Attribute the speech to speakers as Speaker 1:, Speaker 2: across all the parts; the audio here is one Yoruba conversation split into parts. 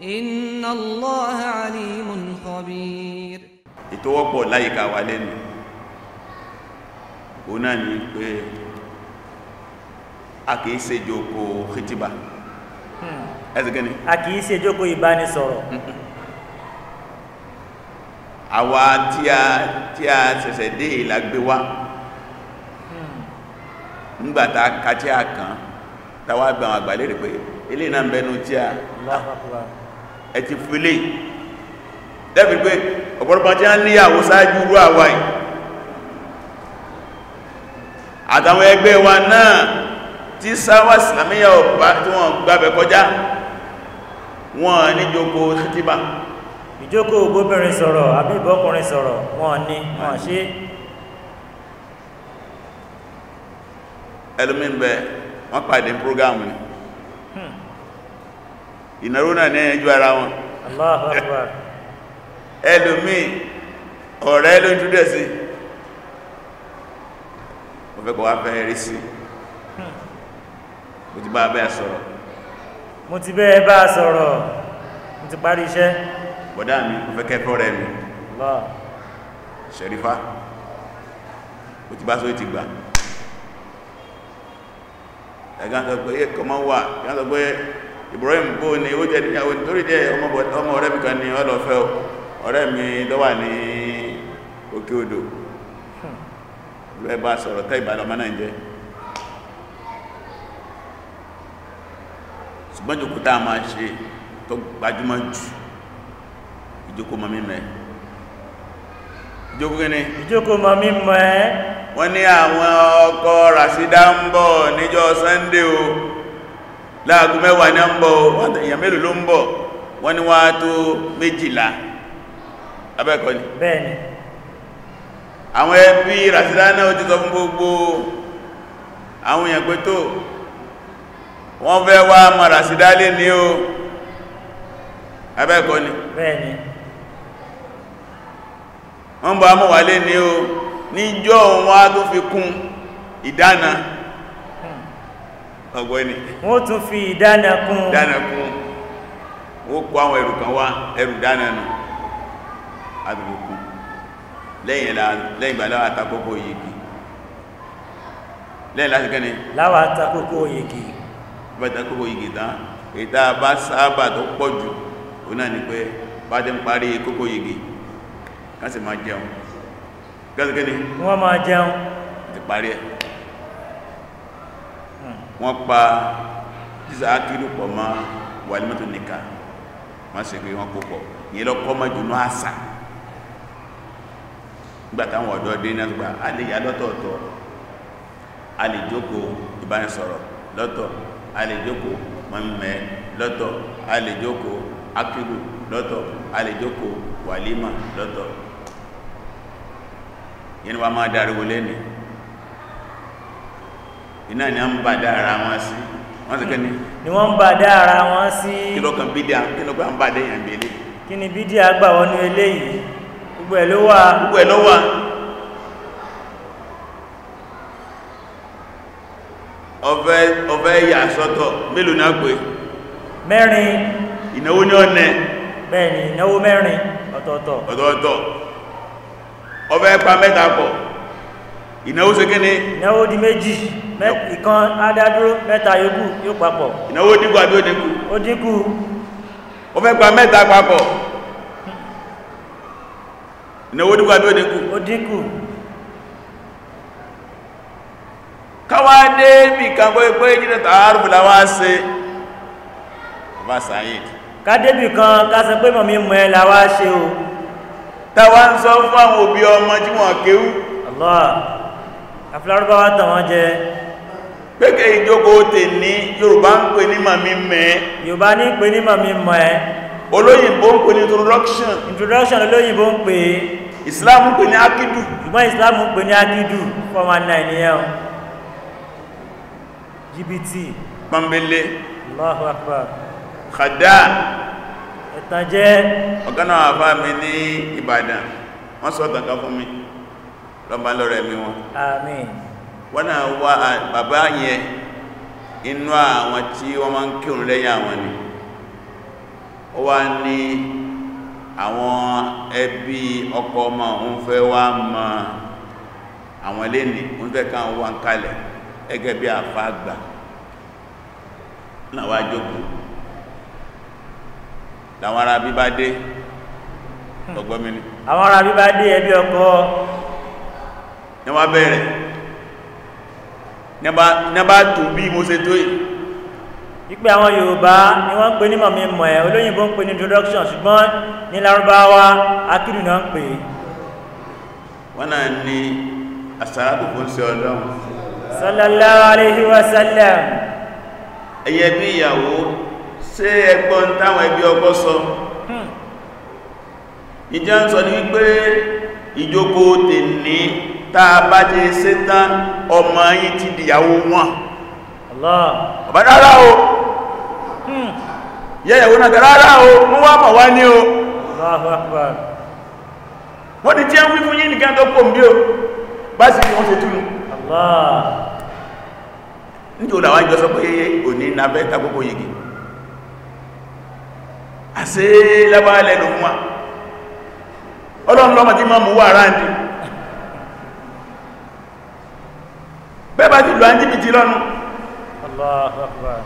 Speaker 1: inna alimun khabir.
Speaker 2: ètò wọ́pọ̀ wa lẹ́nu náà ni pé a kìí ṣe jòkó kìtìbà
Speaker 1: hmm. a kìí ṣe jòkó ìbánisọ̀rọ̀
Speaker 2: àwa tí a tí a ṣẹ̀ṣẹ̀ dé ìlàgbé wá hmm. nígbàtà kàtí àkàn tàwa gbà àgbà lérè pé ilé náà bẹnu tí a ẹ ti fìlè dẹ́bi pé ọ̀pọ̀lọpọ̀ tí wọ́n níyàwó ṣáájú irú àwa yìí àtàwọn ẹgbẹ́ wa náà tí sáwà ìsìlámíyà ọ̀pá
Speaker 1: tí wọ́n gbábẹ̀ kọjá wọ́n ní jókó ṣítíbà ìjókó gbóbìnrin sọ̀rọ̀ àbíbọ́kùnrin sọ̀rọ̀ wọ́n ní wọ́n ṣe
Speaker 2: ẹlòmí ń bẹ wọ́n pàdé prógámù ni ìnáró náà ní ẹjú ara wọn ẹlòmí ọ̀rẹ́ ló ń túdẹ̀ sí mo fẹ́ kọ̀ wá fẹ́ rí sí hmm. mo ti bá bẹ́ẹ̀ sọ̀rọ̀
Speaker 1: mo ti bẹ́ẹ̀ bá sọ̀rọ̀ mo ti parí iṣẹ́
Speaker 2: bọ̀dá mi mo fẹ́ kẹ́kọ̀ọ́ rẹ̀ mi ṣẹ̀rífá mo ti bá sóyí ti gbà ẹ̀gá sọ pé ẹ̀kọ́ máa wà ẹ̀gá sọ pé Ibrahim bó ni ó jẹ́ níyàwó nítorí jẹ́ ọmọ ọ̀rẹ́ mi kan ní ọlọ́fẹ́ ọ̀rẹ́ mi tó wà ní òkè odò ẹbá sọ̀rọ̀ tẹ́ ìbàdàn ọmọ náà jẹ́ ṣùgbọ́n jòkó tá a máa ṣe tó gbajúmọ̀ jù ìjókòó mọ̀ mímọ̀ ẹ́ ìjókòó kí ni ìjókòó mọ̀ mímọ̀ ẹ́ wọ́n ní àwọn ọkọ̀ ràṣídá ń bọ̀ níjọ́ Sunday o láàgùn mẹ́wàá ní ọmọ èèyàn mélòó ló ń bọ̀ wọ́n ní wá tó méjìlá abẹ́kọ́ ni bẹ́ẹ̀ni àwọn ẹbí ràṣílá náà ti sọ fún gbogbo àwọn èèyàn pé tó wọ́n fẹ́ wá mọ̀ ràṣílá lè ní o abẹ́kọ́ ni bẹ́ẹ̀ni wọ́n bọ̀ amọ̀wà lè ní o níjọ́ wọn á tó fi kún ìdána ọgbọ́ ni
Speaker 1: wọ́n tún fi ìdána kún dána
Speaker 2: kún ó kó àwọn ẹrù kan wá ẹrù dána nù àdùgbòkú lẹ́yìn ìgbà láwà takókò yìí lẹ́yìn láti kẹ́ni láwà takókò yìí bá takókò yìí tán ìta bá sáábà tó pọ̀ jù ó náà ni pé bá jẹ́ ẹ̀ wọ́n pa jíza ákìlù pọ̀ mọ́ wàlímọ́tò nìkan wọ́n sì pé wọ́n kó pọ̀ ìyẹn lọ́kọ́ mọ́ jùlọ àṣà nígbà táwọn ọ̀dọ́ dé náà gbà á lè yà lọ́tọ̀ọ̀tọ̀ a lè jókòó ìbánisọ̀rọ̀ lọ́tọ̀ a lè jókòó mọ̀mẹ́ lọ́tọ̀ a lè jókòó ákìlù lọ́tọ̀ a lè jókòó wàlímà lọ́tọ̀ yẹn ni wọ́n máa dariwo lẹ́nìí iná ni a ń bà wọn sí wọ́n ni wọ́n ń wọn sí kílọ́kàn bídíà kílọ́kàn ń
Speaker 1: kí ni bídíà gbà wọnú eléyìí gbogbo gbogbo ẹ̀ ló wà
Speaker 2: ọ̀fẹ́ sọ́tọ̀ mélòó náà pé mẹ́rin ìnáwó ní ọ̀nẹ́
Speaker 1: bẹ́ẹ̀ ni ìnáwó mẹ́rin ọ̀tọ̀ọ̀tọ̀ ọ̀fẹ́ pa mẹ́ta pọ̀ ìnáwó ṣe kí ni ìnáwó di méjì ìkan adádúró mẹ́ta yòókù yóò papọ̀
Speaker 2: ìnáwó dínkù àbí ó dínkù ó dínkù ó fẹ́ gba mẹ́ta papọ̀ ìnáwó dínkù àbí ó dínkù ó dínkù káwá dé bí kan gbé pé jíjẹ tààrù làwá ṣe bá sáyéèdì
Speaker 1: ká débì kan ká sọ pé mọ̀mí mọ̀ ẹ̀ làwá ṣe o táwa ń sọ fún àwọn òbí ọmọ tí wọ́n kéwú Allah
Speaker 2: afilárúbáwá tàwọn jẹ pẹ́kẹ̀ ìjókòó tè ní yorùbá ń pè ní
Speaker 1: màmí mẹ́ yorùbá ní pè ní màmí mẹ́ olóyìnbó ń pè ní introduction introduction olóyìnbó ń pè islam ń pè ní akidu ṣùgbọ́n islam ń pè ní akidu fọ́mà náà ènìyàn jìbìtì pàmbélé Allahu Akbar kàdá ẹ̀tànjẹ́ ọ̀gánà àbá
Speaker 2: mi ní ìbàdàn wọ́n sọ tàkà fún mi lọ́mọ lọ́rọ̀ ẹ̀mí wọn àmín wọ́n náà wá bàbá yẹn inú àwọn tí wọ́n máa ń kírun lẹ́yìn àwọn ni ó wá ní àwọn ẹbí ọkọ ọmọ òun fẹ́ wá mọ àwọn eléni òun fẹ́ ká wá ń kalẹ̀ bí àgbà náà wá jókòó làwọn ní wọ́n bẹ̀rẹ̀
Speaker 1: ní bá tó bí mo ṣe tó yìí wípé àwọn yorùbá ni wọ́n ń pè ní mọ̀mí mọ̀ ẹ̀ olóyìnbó ń pè ní introduction ṣùgbọ́n ní larubawa. akídù náà ń pè wọ́n náà ní àsàlátù
Speaker 2: fún sí ọlọ́run
Speaker 1: sallallahu alaihi wasallam ẹ̀yẹ bí
Speaker 2: ìyàwó ṣé ẹgbọ́n táwọn ẹbí ọkọ sọ ìjọ hmm. ń sọ ní wípé ìjókòó tè ní táa bá ti ṣe tán ọmọ yìí ti dìyàwó wọn ọ̀bá rárá o hmm. yẹ́yẹ̀wó náà rárá o mú wá mọ̀ wá ní o wọ́n ti tí ẹ ń wí fún yí nìkan tó pò ń o bá sì wọ́n ṣe túnú nítorí àwọn ìjọ sọ pé òní na fẹ́ takókò yìí àṣẹ lábáálẹ̀ lòun wa ọlọ́run lọ́mọ tí máa mú wà lù án jìbìtì
Speaker 1: lọ́nu Allahu Akbar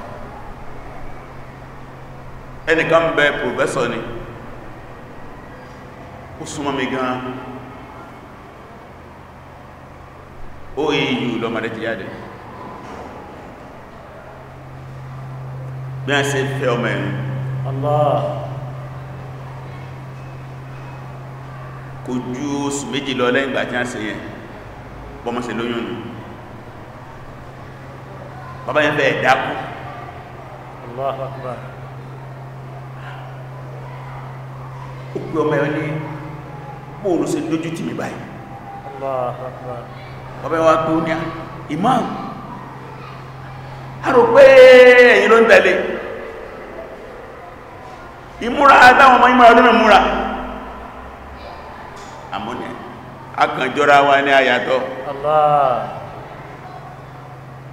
Speaker 2: ẹnìkan bẹ pòfẹ́sọ̀ ni ó súnmọ́ mi gan OAU lọ́mọdé ti jáde bí a fẹ́ ọmọ ẹ̀rùn Allah kò ju oṣù méjì lọ lẹ́yìn ìgbà tí a ṣe yẹn bọ́mọ́ lóyún nù bàbá yẹn fẹ́ dákú
Speaker 1: Allahu Akbar
Speaker 2: ó pé ọmọ ẹ̀ ní bóòlù ṣe lójú tì mí báyìí
Speaker 1: Allahu yẹn wá
Speaker 2: pé ó ní imam a rò pé ẹ̀yin ló ń tẹ̀lé ìmúra táwọn ọmọ ìmúra ló ń múra àmọ́ ni akànjọra wa ní ayàtọ̀ Allah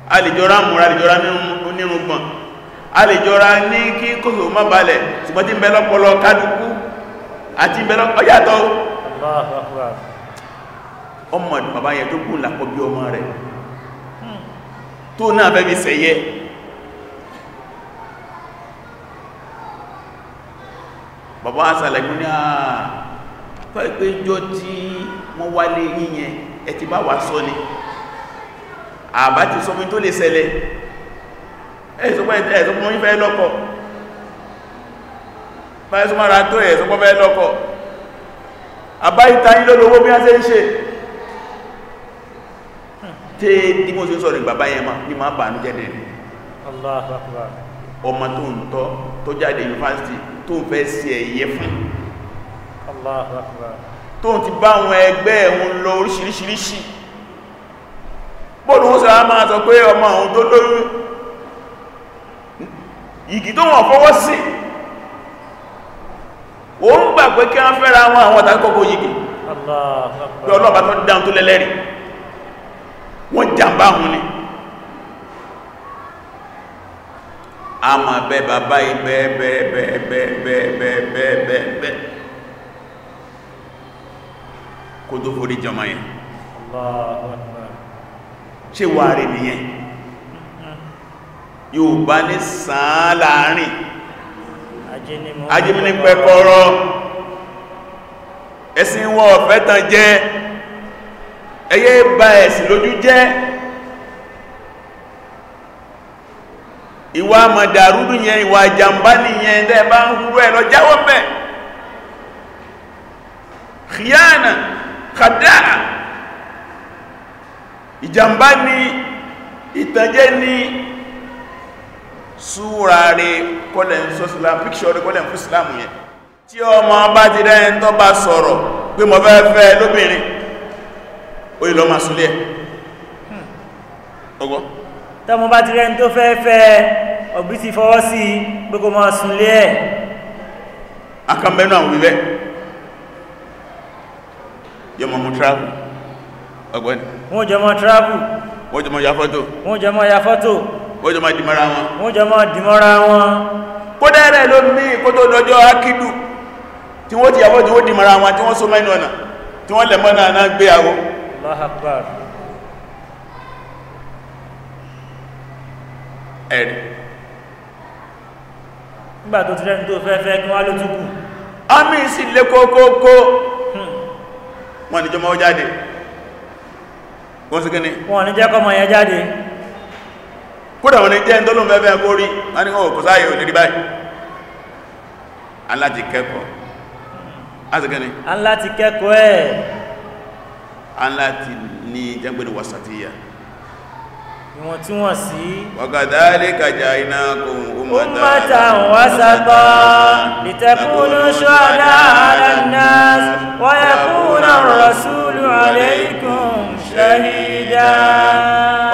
Speaker 2: a lè jọra múra lè jọra nínú gbọ̀n a lè jọra ní kí kòsò má balẹ̀ ṣùgbọ́n tí ń bẹ kádùkú àti ń ọmọ bàbá yẹn tó kún làpọ̀ bí ọmọ rẹ̀ hmm. tó náà sẹ̀yẹ bàbá asàlẹ̀kú ní àà fẹ́ pé jọ sọ ni. àbá ti sọ fún tó lè ṣẹlẹ̀ ẹ̀sọ́pọ̀ ìfẹ́ lọ́kọ̀ báyẹ̀ sọ mara tó ẹ̀sọ́pọ̀ fẹ́ lọ́kọ̀ àbá ìta yí a ṣe ń ṣe tí dímọ̀ sí sọ̀rọ̀ ìgbàbá yẹn bí máa bà ní jẹ́dẹ̀
Speaker 1: Allahu Akbar
Speaker 2: ọmọ tó ń tọ́ tó jáde yunifásitì tó ń fẹ́ sí ẹ̀yẹ fún Allahu Akbar tó wá máa sọ pé ọmọ àwọn tó lóyún ìgì tó wọ́n fọwọ́ sí o ń gbà pé kí wọ́n fẹ́ra wọn àwọn àtàkọ́kọ́ yìí pé ọlọ́ọ̀bá tó dáun tó lẹ́lẹ́rìí wọ́n jàmbá hun ni a máa bẹ bàbá ibẹ̀ẹ̀bẹ̀ẹ̀bẹ̀ẹ̀bẹ̀ẹ̀bẹ̀ẹ̀bẹ̀ẹ̀bẹ̀ kó tó forí jọmọ yẹn Allah ṣe wà rẹ̀ nìyẹn yóò bá ní sàn láàrin ajínmí ní pẹ́kọ́rọ́ ẹ̀sìn wọ́n ọ̀fẹ́ tàn jẹ́ ẹyẹ bà ẹ̀sìn lójú jẹ́ ìwà mọ̀dàrúdù yẹn ìwà jàmbá nìyẹn tẹ́ bá ń húrú ẹ̀ lọ jáwọ́ bẹ̀ khiyana khadaa ìjàmbá ni ìtànjẹ ni súra rẹ̀ kọ́lẹ̀ ń sọ sílá píkṣọ́ rẹ̀ kọ́lẹ̀ ń fún sílámù yẹn tí ọmọ bá ti rẹ̀ tó bá sọ̀rọ̀ pé mọ̀ fẹ́fẹ́ lóbìnrin ó ìlọ máa súlẹ̀ ọgbọ́n
Speaker 1: tọ́mọ bá ti rẹ̀ tó fẹ́fẹ́ ọ̀bí ti fọwọ́ sí pé kó máa súnlẹ̀ ẹ̀ akambẹ́nu àwọn ìwẹ́ yọmọ mú
Speaker 2: travel ọgbọ́ni wọ́n jọ máa travel wọ́n jọ máa ya fọ́tò wọ́n jọ máa ya fọ́tò wọ́n jọ máa dìmọ́ra wọn wọ́n jọ máa dìmọ́ra wọn kó dáadáa ló ní kó tó dọjọ́ akídù tí wọ́n ti yàwó tí wọ́n dìmọ́ra wọn tí wọ́n so mẹ́nu ọ̀nà
Speaker 1: tí wọ́n lẹ̀ mọ́nà náà gbé àwọ́ ẹ̀rì nígbà tó ti rẹ́ni tó fẹ́ fẹ́ kí wọ́n ló túkù àmì sí lé kókókó hmm. wọn ni jọmọ́ jáde
Speaker 2: wọ́n sí kíní wọ́n ní jẹ́ kọmọ yẹn jáde kódà wọ́n ní jẹ́ ǹdọ́lùm fẹ́fẹ́ kó rí wọ́n ní wọ́n oh, kò sáyẹ̀ òní rí báyìí aláti kẹ́kọ̀ọ́
Speaker 1: aláti kẹ́kọ̀ọ́ ẹ̀
Speaker 2: aláti ní jẹ́gbẹ́ni wasatiya
Speaker 1: ìwọ̀n tí wọ́n sí wakadhalika ja'alnakum ummatan wasatan litakunu nas wa yakuna ar-rasulu ṣẹ̀hídá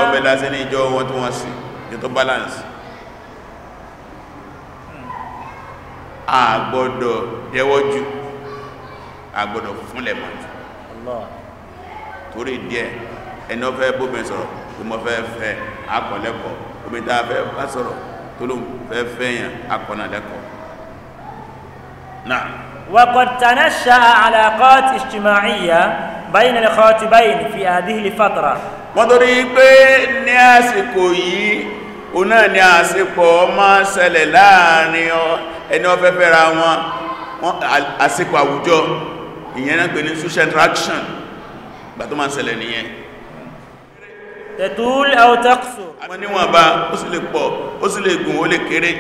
Speaker 2: ọbẹ̀ lásí ní ìjọ wọn tó wọ́n sí ìjọ balance àgbọ́dọ̀ dẹwọ́jú àgbọ́dọ̀ fúnlẹ̀ mọ́ torí díẹ̀ ẹni ọfẹ́ bóbin sọ̀rọ̀ tó mọ́ fẹ́ fẹ́ akọ̀lẹ́kọ̀ọ́ obìnrin fẹ́ bá sọ̀rọ̀ tó ló fẹ́ fẹ́yàn akọ̀nà lẹ́kọ̀ọ́ náà
Speaker 1: waqad tanashsha'a 'alaqat ijtima'iyya báyìí nílẹ̀ kọ́ ti báyìí ní fi àdíhìlì fàtàrà
Speaker 2: wọ́n tó rí pé ní àsìkò yìí o náà ni àsìkò máa ń ṣẹlẹ̀ láàrin ẹni ó fẹ́ fẹ́ra wọn àsìkò àwùjọ ìyẹn náà pè ní social interaction gbà tó máa ń ṣẹlẹ̀ nìyẹn
Speaker 1: tẹ̀tùl àwọ̀tẹ́kùsù
Speaker 2: àwọn níwọ̀n bá ó sì lè pọ̀ ó sì lè gùn ó lè kéré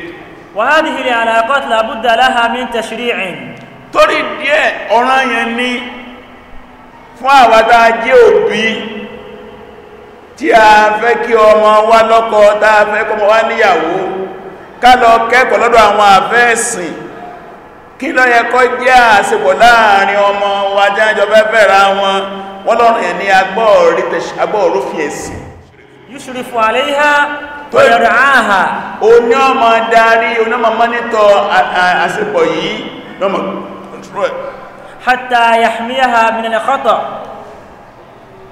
Speaker 1: wàhálìhìrì àlàkọ́tìlà búdà láhàmí tẹ̀ṣírí torí díẹ̀ ọ̀ràn yẹn ní fún àwádá jẹ́ òbí
Speaker 2: tí a fẹ́ kí ọmọ wa lọ́kọ tá a fẹ́ kọmọ wa níyàwó ka kẹ́kọ̀ọ́ lọ́dọ̀ àwọn àfẹ́ẹ̀sìn kí kila yẹ jẹ́ àsìkò láàrin ọmọ wa jájọ fẹ́fẹ́ ra wọn wọ́n lọ́rùn ẹ̀ ní agbóòrúfin ẹ̀sìn
Speaker 1: حتى يحميها من الخطأ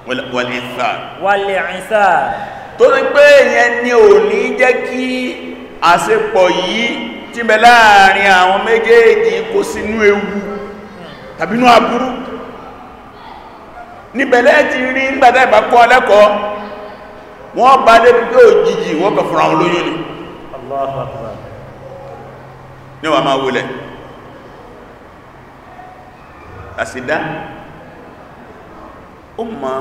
Speaker 2: والإنسان
Speaker 1: والإنسان torí pé ìyẹn ni ò ní jẹ́ kí àṣepọ̀
Speaker 2: yìí tí bẹ láàrin àwọn méjèèjì kó sínú ewu tàbí inú aburú níbẹ̀lẹ́ ti rí nígbàtà ìbákọ́ alẹ́kọ́ wọ́n bá débi pé òjijì wọ́n kọ̀ fúnra wọn lóyún ni
Speaker 1: Allahu Akbar
Speaker 2: ní wà máa wulẹ̀ àṣìdá ó ma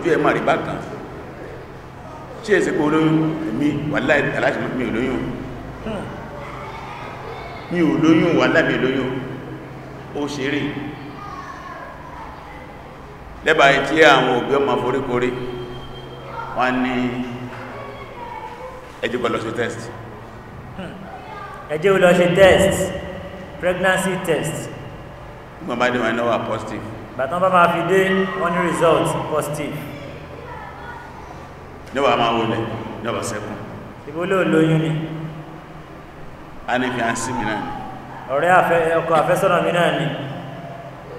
Speaker 2: ojú ẹ̀ máa rí bákan ṣe èsì pé olóyún mi wà láì aláṣẹ mi olóyún mi olóyún wà láì mi olóyún ó ṣe rí lẹ́bàá tí àwọn òbí ọmọ foríkorí wọ́n ní ẹjẹ́ bọ́ lọ sí test
Speaker 1: hmm. ẹjẹ́ bọ́ lọ sí test pregnancy test
Speaker 2: gbọ́n bá dé wọn náà wà positive
Speaker 1: bàtán bá máa fi dé wọ́n ní result positive
Speaker 2: níwà máa wọlé níwà sẹ́kùn
Speaker 1: ìbò ló lóyún ni
Speaker 2: a ní fi à ń sí mi náà ni
Speaker 1: ọ̀rẹ́ ọkọ̀ àfẹ́sọ́nà mi náà ni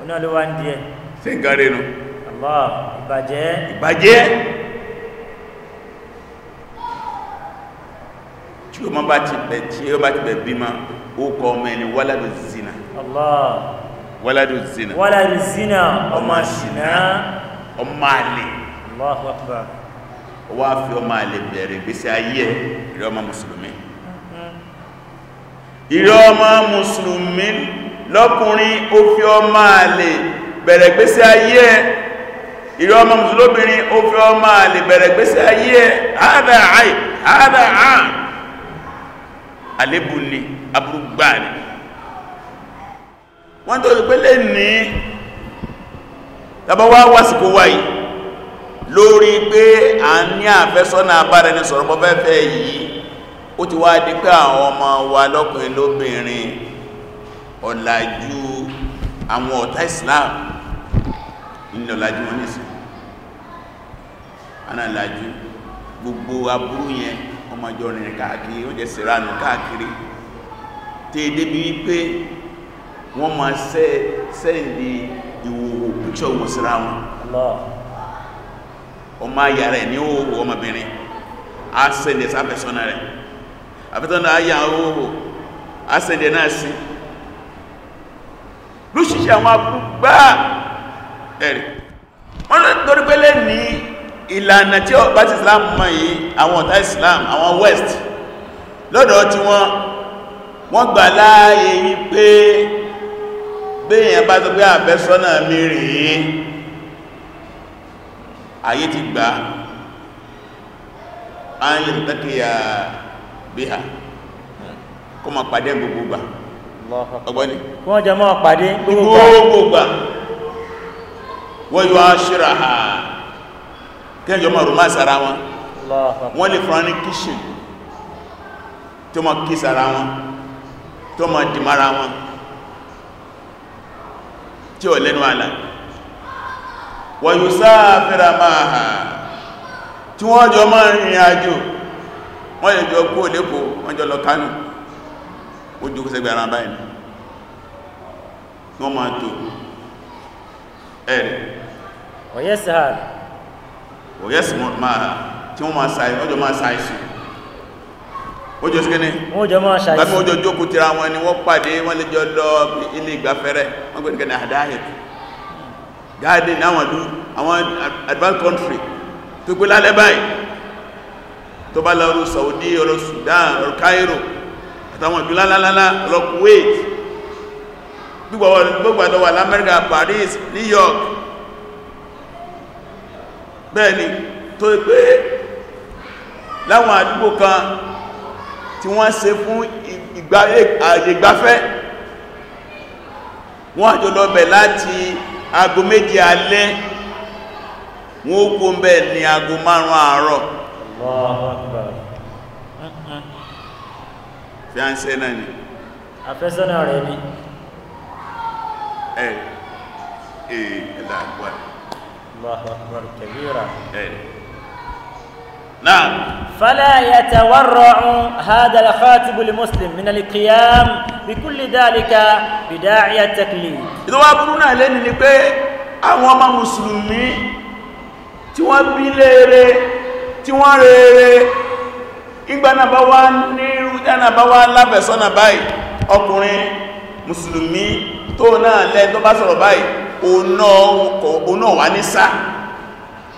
Speaker 1: oná ló wá ń díẹ̀ sí ń gáré nu Allah ìbàjẹ́ ìbàjẹ́ tí o má
Speaker 2: bá ti bẹ̀ tí o bá ti bẹ̀ bí ma ó kọ ọmọ ẹni wálàdù zina
Speaker 1: Allah
Speaker 2: wọ́ládù zina wọ́ládù zina ọmọ ṣìnà
Speaker 1: ọmọ àlè Allahu
Speaker 2: Akbar wá fi ọmọ àlè bẹ̀rẹ̀ ìgbésí ayé ìrẹ́ ọmọ mùsùlùmí mm-hmm. ìrẹ́ ọmọ mùsùlùmí lọ́kùnrin ó fi ọmọ àlè bẹ̀rẹ̀ ìgbésí ayé ìrẹ́ ọmọ mùsùlùmí ó fi ọmọ àlè bẹ̀rẹ̀ ìgbésí ayé àádà àì àádà àà àlébù ni aburú gbáà ni wọ́n tó rí pé lè ní tàbá wá wásìkò wáyé lórí pé a ní àfẹ́sọ́nà abára ẹni sọ̀rọ̀ mọ́ fẹ́fẹ́ yìí ó ti wá di pé àwọn ọmọ wa lọ́kùnrin lóbìnrin ọ̀làjú àwọn ọ̀tá Islam ní ọ̀làjú wọn nìsìn gbogbo aburú yẹn ọmọ ìjọ rìnrìn káàkiri káàkiri wọ́n ma sẹ́ sẹ́ndì ìwòwò píkṣọ̀ wọn síra wọn ọmọ ayà rẹ̀ ní òwò ọmọbìnrin a sẹ́ndì sáfẹ́sọ́nà rẹ̀ àfẹ́sọ́nà ayà òwò a sẹ́ndì náà sí lóṣìṣẹ́ àwọn agbúgbà ẹ̀rì wọ́n lè torí pẹ́lẹ́ ní ìlànà tí ọba ti Islam mọ̀ yìí àwọn ọ̀tá Islam àwọn West lọ́dọ̀ tí wọ́n wọ́n gbà láàyè yí pé béèyàn bá tó pé àbẹ́sọ́nà mi rèé ayé ti gbà á ń yẹ̀ tẹ́kìyà bí ha kó ma pàdé gbogbogbà ọgbọ́ni
Speaker 1: wọ́n jẹ mọ́ pàdé gbogbogbà
Speaker 2: wọ́n yóò aṣíra ha kẹjọ mọ̀ rùmá sára wọn wọ́n lè fún ní kíṣìn tó mọ̀ kí sára wọn tó mọ̀ dìmára wọn tí ó lẹ́nu àlà wa yusafira maha tí wọ́n jọ máa rìn àjò wọ́n lè jọ kú olépo wọ́n jọ lọ Kánò ó jókòó sẹ́gbẹ̀ ara báyìí wọ́n máa tó ẹ̀rẹ̀ wa yasahar wa yasmur maha tí wọ́n máa sáì ó jọ síkẹ́ ní wọ́n jọ máa ṣàyẹ̀ lábí ọjọ́ jókòó tira wọn ni wọ́n pàdé wọ́n lè jọ lọ ilé ìgbafẹ́rẹ́ wọ́n gbé nìkan ní àdáhìt garden àwọn ìlú àwọn advanced country tó gbé lálẹ́ báyìí tó bá lọ Saudi ọ̀rọ̀ Sudan ọ̀rọ̀ Cairo Ata àtàwọn ìlú lálálálá ọ̀rọ̀ Kuwait gbogbo àdọwà lamẹ́ríkà Paris New York bẹ́ẹ̀ ni tó pé láwọn àdúgbò kan tí wọ́n ṣe fún ìgbafẹ́ wọ́n àjò lọ́bẹ̀ láti aago méje alẹ́ wọ́n ó kó mẹ́ ní aago márùn-ún àárọ̀ fíánṣẹ́ náà ni
Speaker 1: àfẹ́sọ́nà rẹ̀ ni
Speaker 2: ẹ̀ ẹ̀ ẹ̀lá àgbà
Speaker 1: نعم فلا يتورع هذا الخاتب المسلم من القيام بكل ذلك بداعي التكليف إذا وابرونا لين نبي àwọn ọmọ mùsùlùmí tí wọ́n bí
Speaker 2: léèrè tí wọ́n rèrè ìgbàna bá wá ní ìrúdánà bá wá lábẹ̀sọ́nà báyìí ọkùnrin mùsùlùmí tó náà lẹ́ tó bá sọ̀rọ̀ báyìí òun náà wà ní sá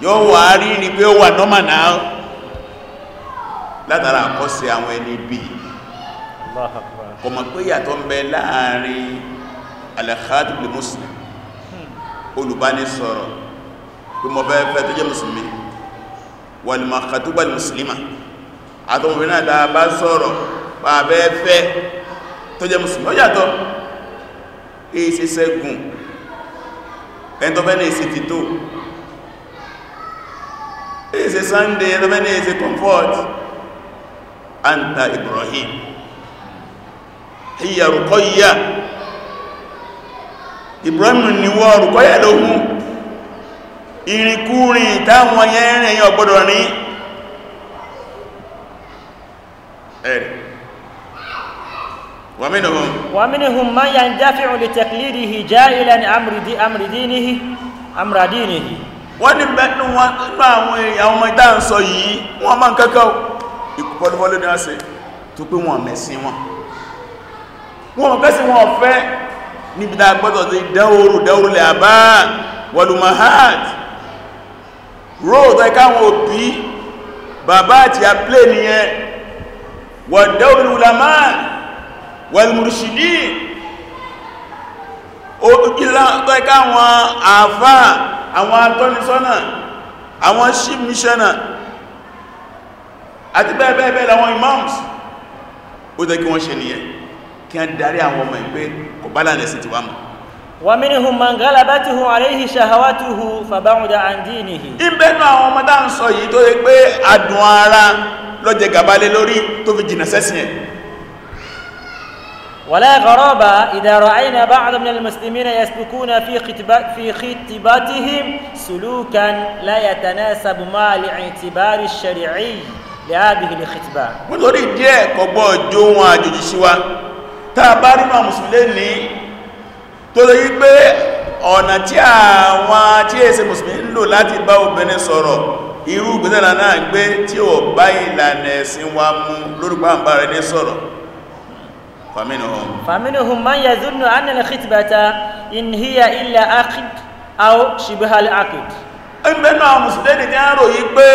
Speaker 2: yóò wà rí ní pé ó wà nọ́mà náà látara àkọ́sẹ̀ àwọn ẹni bí
Speaker 1: kò mọ̀ pé yàtọ̀ ń
Speaker 2: bẹ láàrin al-khatib muslim hmm. olùbánisọ̀rọ̀ pé mọ̀ bẹ́ fẹ́ tó jẹ́ musulmi wal-makhatuba al-muslima àtọmọ̀bìnrin náà dáa bá sọ̀rọ̀ pa bẹ́ fẹ́ tó jẹ́ musulmi ó yàtọ̀ èyí sí sẹ́gùn ẹ̀ntọ́fẹ́ ní anta ibrahim hiya ruqayya ibrahim ni wọ́ ruqayya lóhun ìrìnkúrin táwọn yẹn
Speaker 1: rìn èyàn gbọ́dọ̀ ní ẹ̀rì ومنهم ومنهم من يندفع لتقليده جاهلا امر دي امر دينه امر دينه wọ́n ní bẹ́ẹ̀ ní wọ́n nígbà àwọn
Speaker 2: èèyàn ọmọ ìdá ń sọ yìí wọ́n máa ń ìkùpọ̀lúwọ́ ló dáṣe tó pé wọn mẹ́sìn wọn wọn kẹ́sí wọn fẹ́ níbi tá gbọ́dọ̀ sí dáwòrò dáwòrò lè àbá wọlùmọ̀hát róòtọ́ ikáwọn òbí bàbá àti àplé nìyẹn wọ́n dáwòrò ulama wọlùmùrùsìdí òkìlátọ́ ikáwọn àfá àwọn atọ́nisọ́nà àwọn ship missioner àti bẹ́ẹ̀bẹ́ẹ̀ láwọn imams ó tẹ́ kí wọ́n ṣe nìyẹn kí wọ́n darí àwọn ọmọ ìpẹ́ kò bá lánàá sí ti wá mọ̀
Speaker 1: wa minhum man ghalabatuhu alayhi shahawatuhu faba'uda an dinihi ìbẹ́nu àwọn ọmọ
Speaker 2: ń sọ yìí tó yẹ pé adùn ara lọ́jẹ gàbálẹ̀ lórí tó fi jìnà sẹ́sìn
Speaker 1: lẹ́àbìlì kìtìbà
Speaker 2: nítorí díẹ̀ kọgbọ́ jó wọn àjòjì síwá tàà bá rí ma mùsùlùmí ní tó lè yí pé ọ̀nà tí àwọn tí èsẹ mùsùlùmí ń lò láti bá obìnrin sọ̀rọ̀ irú gbẹ̀sẹ̀lá náà gbé tí ó bá ìlànà ẹ̀sìn wa mú lórúkọ àmbá rẹ̀ ní sọ̀rọ̀ fàmínúhùn
Speaker 1: fàmínúhùn man yazunnu anna al-khitbata in hiya illa aqd aw shibha al-aqd ẹgbẹ́ náà mùsùlùmí ní àrò
Speaker 2: yí pé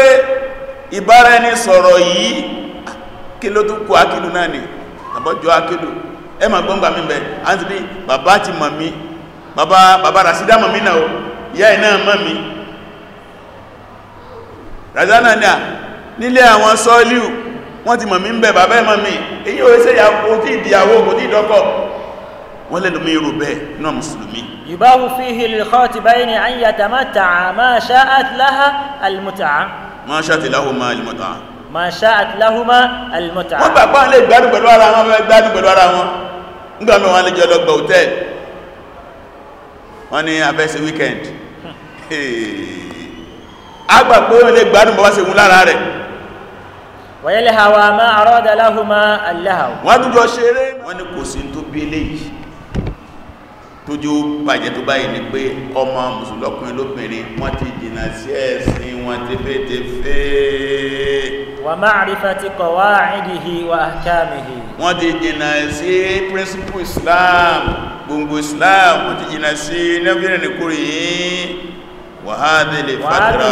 Speaker 2: ìbára ẹni sọ̀rọ̀ yìí kí ló tún kó akílù náà ni àbọ́jọ́ akílù ẹ ma gbọ́ngbà mi bẹ̀ a ti bí bàbá ti mọ̀ mí bàbá bàbá rasídá mọ̀ mí náà o ìyá ẹ̀ náà mọ̀ mí razana ní à nílé àwọn sọ́ọ̀líù wọ́n ti mọ̀ mí bẹ̀ bàbá ẹ̀ mọ̀ mí èyí ò ṣe ìyàwó tí ìdíyàwó kò tí ìdọ́kọ̀ wọ́n lẹ́nu mi rò bẹ́ẹ̀ náà mùsùlùmí
Speaker 1: yubahu fihi lil khatibaini an yatamatta'a ma sha'at laha al-mut'a
Speaker 2: ma ṣáàtì láhùmá alìmọ̀ta
Speaker 1: ma ṣáàtì láhùmá alìmọ̀ta wọ́n gbà pàá lè gbádùn
Speaker 2: pẹ̀lú ara wọn fẹ́ gbádùn pẹ̀lú ara wọn nígbà mẹ́ wọn lè jọ lọ́gbà hotel wọ́n ní abẹ́sí weekend agbà pé wọ́n lè gbádùn bọ́wá sí lára rẹ̀ wọ́n yẹ́lẹ̀ hawa tójú bàjẹ́ tó báyìí ni pé ọmọ mùsùlọ́kùnrin lóbìnrin wọ́n ti jìnà sí ẹ̀sìn wọn ti fẹ́tẹ̀fẹ́
Speaker 1: wa ma'rifati qawa'idihi wa ahkamihi
Speaker 2: wọ́n ti jìnà sí principle islam gbogbo islam wọ́n ti jìnà sí nẹ́bìnrin nìkúrì yìí wa hadhihi fatra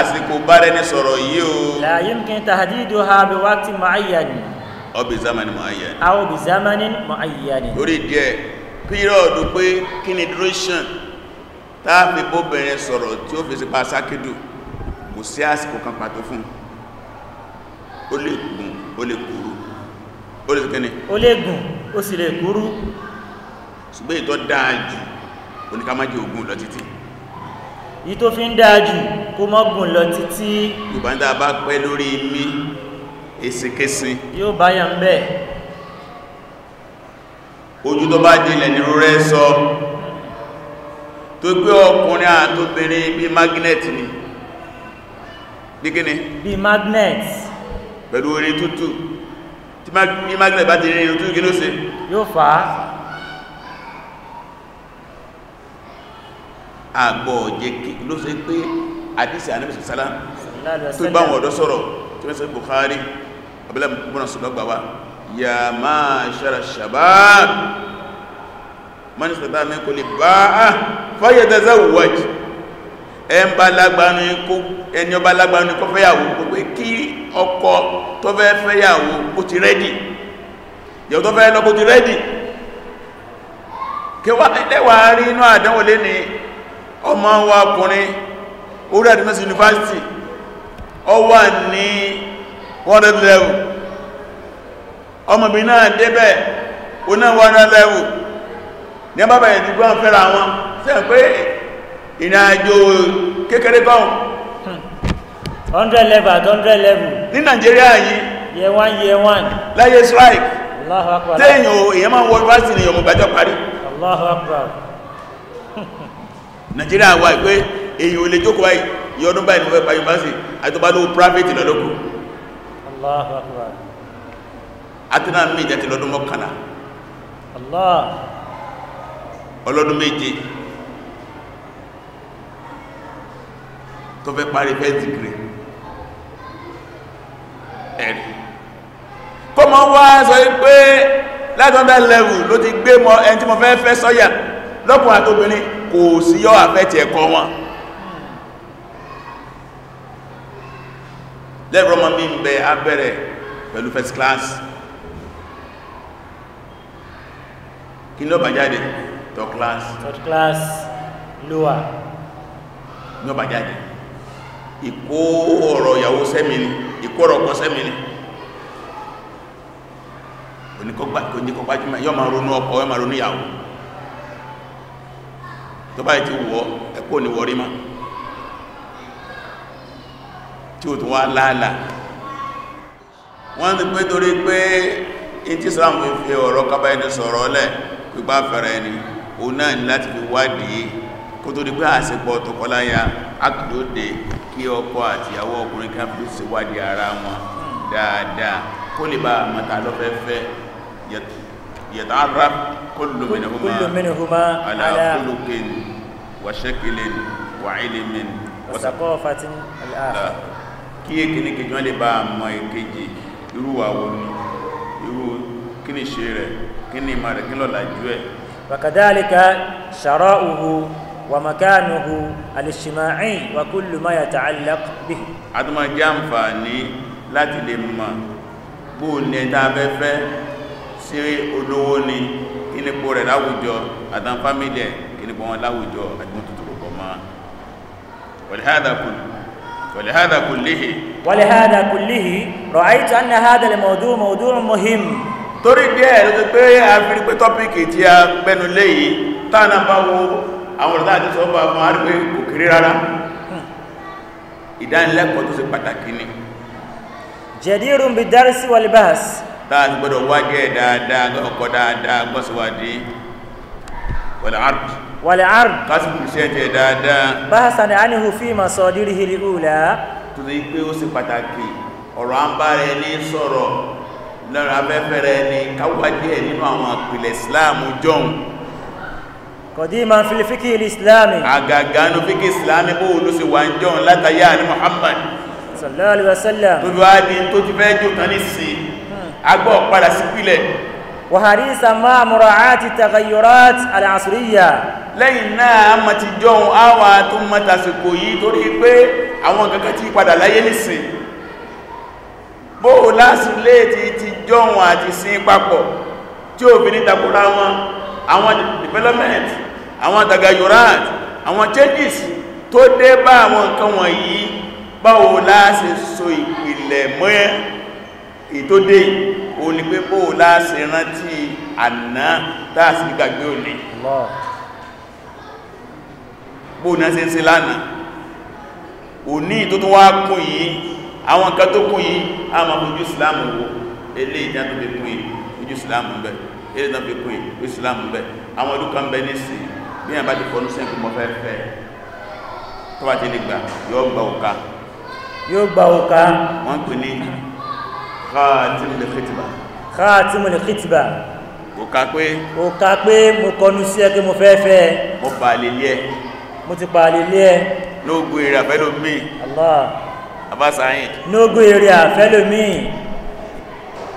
Speaker 2: àsìkò bára ẹni sọ̀rọ̀ yìí o
Speaker 1: la yumkin tahdiduha bi waqtin mu'ayyan
Speaker 2: aw bi zamanin mu'ayyan aw bi zamanin mu'ayyan lórí díẹ̀ pírọ̀dù pé kí ni duration táàfi bó bẹ̀rẹ̀ sọ̀rọ̀ tí ó fi sípa sákìdù kò sí àsìkò kan pàtó fún ó lè gùn ó lè kúrú ó lè kíni
Speaker 1: ó lè gùn ó sì lè kúrú
Speaker 2: ṣùgbọ́n ìtọ́ dáa jù oníkàmájì ogun lọ títí
Speaker 1: yìí tó fi ń dáa jù kó mọ́ gùn lọ títí
Speaker 2: yóò bá ń dáa bá pẹ́ lórí mi èsìkésin
Speaker 1: yóò bá bẹ́ẹ̀
Speaker 2: ojú tó bá jílẹ̀ ní rúrẹ́ sọ tó gbé ọkùnrin àtóbìnrin bí magnet ni bí kíni bí magnet pẹ̀lú orí tútù tí bí magnet bá ti rí ojú kí ló ṣe yóò fà á àgbọ̀ jẹ́ kí ló ṣe pé àdísì ànábì sálá
Speaker 1: tó bá wọn ọ̀dọ́ sọ̀rọ̀
Speaker 2: tí wọ́n sọ Bukhari abúlé mọ́nà sọ̀dọ́gbà wa ya ma'ashara shabab man istata minkum al-ba'a falyatazawwaj ẹn bá lágbánú ikú ẹni ọba lágbánú kó fẹ́yàwó gbogbo kí ọkọ tó fẹ́ fẹ́yàwó kó ti rẹ́dì yàwó tó fẹ́ lọ kó ti rẹ́dì kí wá lẹ́wàá rí inú àdánwò lé ọmọ wa ọkùnrin orí àdínmọ́sí university ọ ní 100 ọmọbìnrin náà débẹ̀ onáwọ́ná lẹ́wù ní ọba bẹ̀rẹ̀ ti gbọ́n fẹ́ra wọn sẹ́ pé ìrìnàjò kékeré kọ́hùn
Speaker 1: 100 hmm. level at 100 level ní Nàìjíríà yìí year one year one láyé strike Allahu Akbar tẹ́yìn o èyàn máa
Speaker 2: wọ rásì ní ọmọ ìgbàjọ́ parí Allahu Akbar Nàìjíríà wà pé èyàn ò lè jókòó wáyé yọ ọdún báyìí ní wọ́n pa yunifásitì àti ọba private lọ́lọ́kù
Speaker 1: Allahu Akbar
Speaker 2: atena méje àti lodo mọ́kànlá
Speaker 1: Allah olodo
Speaker 2: ọlọ́dún méje tó fẹ́ parí pẹ́ntìkiri ẹ̀rì kọ́mọ wá sọ pé láti ọ̀dá level ló ti gbé mọ ẹni tí mo fẹ́ fẹ́ sọ́yà lọ́kùnrin àtòbìnrin kò sí yọ́ àfẹ́tì ẹ̀kọ́ wọn lẹ́rọ ọmọ mi ń bẹ abẹ́rẹ̀ pẹ̀lú first class kí ló bá jáde third class third
Speaker 1: class lower
Speaker 2: ló bá jáde ìkó ọ̀rọ̀ ìyàwó sẹ́mi ni ìkó ọ̀rọ̀ ọkọ sẹ́mi ni oníkọ́gbà kò ní kọ́gbà jùmọ̀ yọ́ máa ronú ọkọ yọ́ máa ronú ìyàwó tó bá ti wọ́ ẹ̀kọ́ ni wọ́rí má tí ó tó wá láàlá wọ́n ti pé torí pé in ìfẹ́ ọ̀rọ̀ kábáyẹni sọ̀rọ̀ lẹ́ẹ̀ pípa fẹ́ra ẹni o náà ní láti fi wádìí kó tó di pé àṣepọ̀ tọkọláya akùdóde kí ọkọ àti ìyàwó ọkùnrin kan fi wádìí ara wọn dáadáa kó lè bá àmọ́ta lọ́fẹ́fẹ́ yẹ̀tàrà kullu minhuma ala khuluqin kí ní ṣe rẹ̀ kí ni ìmọ̀ rẹ̀ kí lọ́la ju ẹ̀.
Speaker 1: wàkàdálíkà ṣàrọ̀ òhu wàmàkánuhu alìṣìmáì wàkúlùmáyà tààlà bì.
Speaker 2: a tún máa jẹ́ àǹfààní láti lè mọ̀ bó ní ẹ̀dá abẹ́fẹ́ sí olówó ni kí ni ipò láwùjọ àtàn fámìlì ẹ̀ kí ni wọn láwùjọ àti wọn tuntun kò mọ́ ولهذا كله ولهذا كله رأيت
Speaker 1: أن هذا الموضوع موضوع مهم
Speaker 2: torí díẹ̀ ló ti pé àfírí pé tọ́pìkì tí a gbẹ́nu lé yìí tánà bá wo àwọn ọ̀dá àti sọ́bà máa rí pé kò kéré rárá ìdánilẹ́kọ̀ọ́ tó ṣe pàtàkì ni
Speaker 1: jẹ̀dírùn bí dárí sí wọlé báhás
Speaker 2: táà ti gbọ́dọ̀ wájẹ́ dáadáa ọkọ̀ dáadáa gbọ́síwádìí wọlé art
Speaker 1: wọlé art kásìkò iṣẹ́
Speaker 2: lọ́rọ̀ afẹ́fẹ́rẹ́ ni káwàájí ẹ̀ nínú àwọn àpìlẹ̀ islamu john kọ̀díma filifiki islami agaganu fiki islami bó olú sí wà ń john látàyà ní muhammad
Speaker 1: sallallahu alaihi wasallam tó bá di
Speaker 2: tó ti fẹ́ jù tán ní sí hmm. agbọ́ padà sí pìlẹ̀
Speaker 1: wàhàrísà máa mọ̀rọ̀ àti tagayyurat al'asuriya
Speaker 2: lẹ́yìn náà a ma lásìlé ti ti jọun àti sin papọ̀ tí ò fi ní takora wọn àwọn development àwọn tagayorat àwọn changes tó dé bá àwọn nǹkan wọ̀nyí báwo láàṣẹ so ìpìlẹ̀ mọ́ ètò dé o ní pé bóò láàṣẹ rántí àná táàsì gbàgbé òní bóò náà ṣe ń ṣe lánàá òní tó tún wá kún yìí àwọn nǹkan tó kún yìí a máa fojú ìsìlámù wò ilé ìjà tó fi kún yìí ojú islam ń bẹ ilé ìjà tó fi kún yìí ojú islam ń bẹ àwọn ọdún kan bẹ nísì bí yàn bá ti fọnú sẹ́ńkù mọ́ fẹ́ fẹ́ tó bá ti lè gbà yóò gba òka
Speaker 1: yóò gba òka wọ́n pè ní khatimul khitba khatimul khitba kò ká pé kò ká pé mo kọnu sí ẹ pé mo fẹ́ fẹ́
Speaker 2: mo pa àlèlé ẹ
Speaker 1: mo ti pa àlèlé ẹ
Speaker 2: lóògùn èrè àfẹ́lómi Allah abásáyìn lóògùn èrè àfẹ́lómi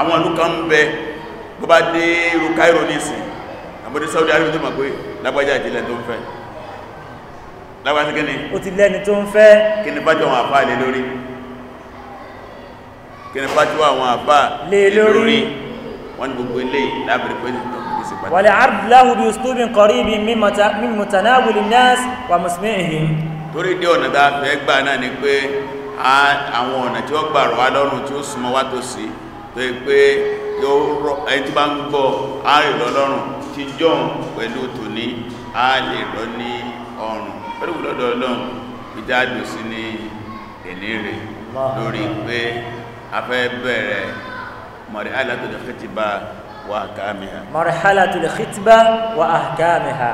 Speaker 2: àwọn ìlú kan ń bẹ bó bá dé irú Cairo nìsìn àbúdé Saudi Arabia tó mọ̀ pé lágbàjá ìjìnlẹ̀ tó ń fẹ́ lágbàjá kí ni ti lẹ́ni tó ń fẹ́ kí ni bájọ àwọn àfáà lé lórí kí ni gbogbo ilé lábẹ̀rẹ̀ pé wàlẹ̀
Speaker 1: àrùdìláhù bí ustúbí kọ̀ríbi mímọ̀tanáwìlì nas wà musmihim
Speaker 2: torí dé ọ̀nà tá a náà ni pé àwọn ọ̀nà tí ó gbà rọ̀ wá lọ́rùn tí ó súnmọ́ wá tó sí tó yí pé yóò rọ ẹni tí bá ń gbọ́ ààrẹ lọ́lọ́rùn tí john pẹ̀lú tòní a lè rọ ní ọrùn pẹ̀lú lọ́dọ̀ ọlọ́run ìjádùn sí ní ẹ̀ní rẹ̀ lórí pé a fẹ́ bẹ̀rẹ̀ marhalatul khitba wa ahkamiha marhalatul khitba
Speaker 1: wa ahkamiha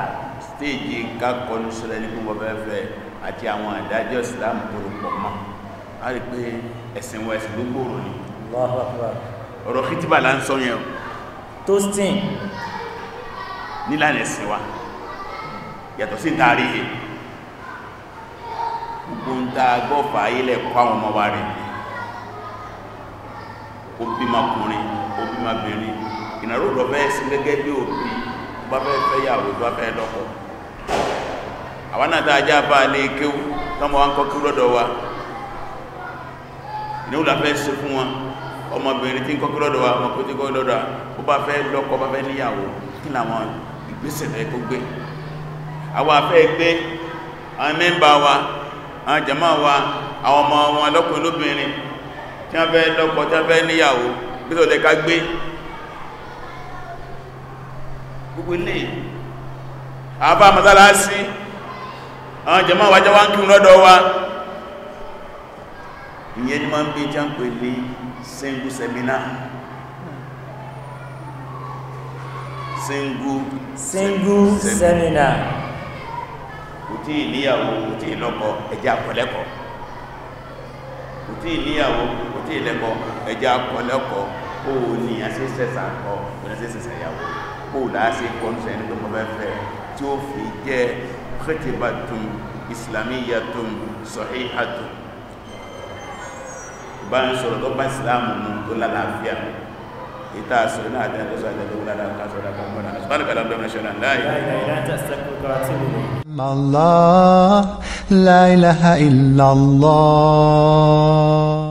Speaker 2: stéèjì ká kọlu sọlẹ̀ ní gbogbo fẹ́fẹ́ àti àwọn àdájọ́ Islam tó rò pọ̀ mọ́ a rí pé ẹ̀sìn wẹ̀sìn gbogbo rò ní ọ̀rọ̀ kìtìbà là ń sọ yẹn o toasting nílànà ẹ̀sìn wa yàtọ̀ sí ìtaari yìí gbogbo ń ta gọ́ọ̀fà ayélẹ̀ kọ́ àwọn ọmọ wa rẹ̀ ó bímọ ọkùnrin ó bímọ obìnrin ìnáwó rọ̀ bẹ́ẹ̀ sí gẹ́gẹ́ bí òbí bá fẹ́ fẹ́ yàwó bá fẹ́ lọ́kọ̀ọ́ àwọn náà tàà já bá lè kéwú tọ́mọ̀ wọn kọ́ kí lọ́dọ̀ wa ìnáwó la fẹ́ ṣe fún wọn ọmọbìnrin tí ń kọ́kọ́ lọ́dọ̀ wa ọmọkùnrin tí ń kọ́kọ́ lọ́dọ̀ wa ó bá fẹ́ lọ́kọ bá fẹ́ níyàwó kí làwọn ìgbésẹ̀ rẹ̀ tó gbé àwọn afẹ́ gbé àwọn mẹ́mbà wa àwọn jàmá wa àwọn ọmọ wọn lọ́kùnrin lóbìnrin tí wọ́n fẹ́ lọ́kọ tí wọ́n fẹ́ níyàwó bí tó lẹ́ka gbé gbogbo ilé àbá mọ́sálásí àwọn jàmá wa jẹ́ wá ń kírun lọ́dọ̀ wa ìyẹn ni máa ń bí jẹ́ ń single seminar single single seminar kò tí ìníyàwó kò tí ìlọ́kọ ẹjẹ́ àkọlẹ́kọ̀ kò tí ìníyàwó kò tí ìlẹ́kọ ẹjẹ́ àkọlẹ́kọ̀ kó o ní àṣẹ́sẹ̀sà kọ ìrẹsẹ̀sẹ̀sẹ̀ ìyàwó kó o láàṣẹ kọ́nṣẹ́ ní gbogbo fẹ́fẹ́ tí ó fi jẹ́ kẹ́tìbàtún islamiyatun sahihatun bá ń sọ̀rọ̀ tó bá ìsìláàmù mú tó lálàáfíà ìta àṣírí náà àti la àjọsọ lálàáfíà kàmọ́ra سبحانك اللهم وبحمدك لا اله الا انت استغفرك
Speaker 1: واتوب la الله لا la ilaha illallah.